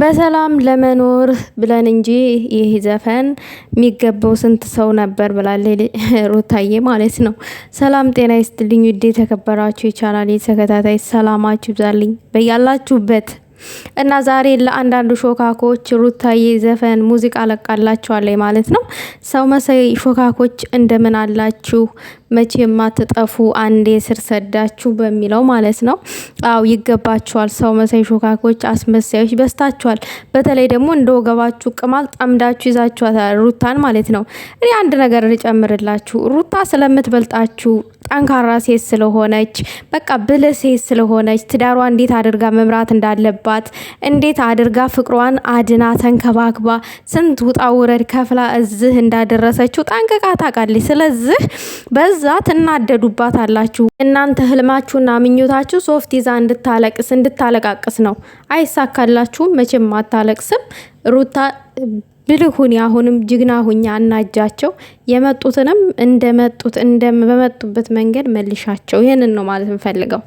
በሰላም ለመኖር ብለን እንጂ ይህ ዘፈን የሚገባው ስንት ሰው ነበር ብላለች ሩታዬ ማለት ነው። ሰላም ጤና ይስጥልኝ ውዴ፣ የተከበራችሁ ይቻላል የተከታታይ ሰላማችሁ ይብዛልኝ በያላችሁበት እና ዛሬ ለአንዳንዱ ሾካኮች ሩታዬ ዘፈን ሙዚቃ ለቃላችኋለች ማለት ነው። ሰው መሳይ ሾካኮች እንደምን አላችሁ? መቼ የማትጠፉ አንዴ ስር ሰዳችሁ በሚለው ማለት ነው። አው ይገባችኋል። ሰው መሳይ ሾካኮች፣ አስመሳዮች በስታችኋል። በተለይ ደግሞ እንደ ወገባችሁ ቅማል ጠምዳችሁ ይዛችኋታል ሩታን ማለት ነው። እኔ አንድ ነገር ልጨምርላችሁ ሩታ ስለምትበልጣችሁ ጠንካራ ሴት ስለሆነች በቃ ብለ ሴት ስለሆነች ትዳሯ እንዴት አድርጋ መምራት እንዳለባት እንዴት አድርጋ ፍቅሯን አድና ተንከባክባ ስንት ውጣ ውረድ ከፍላ እዚህ እንዳደረሰችው ጠንቅቃ ታውቃለች። ስለዚህ በዛ ትናደዱባት አላችሁ። እናንተ ህልማችሁና ምኞታችሁ ሶፍት ይዛ እንድታለቅስ እንድታለቃቅስ ነው። አይሳካላችሁም። መቼም አታለቅስም ሩታ ብልሁን አሁንም ጅግና ሁኛ አናጃቸው። የመጡትንም እንደመጡት በመጡበት መንገድ መልሻቸው። ይህንን ነው ማለት እንፈልገው።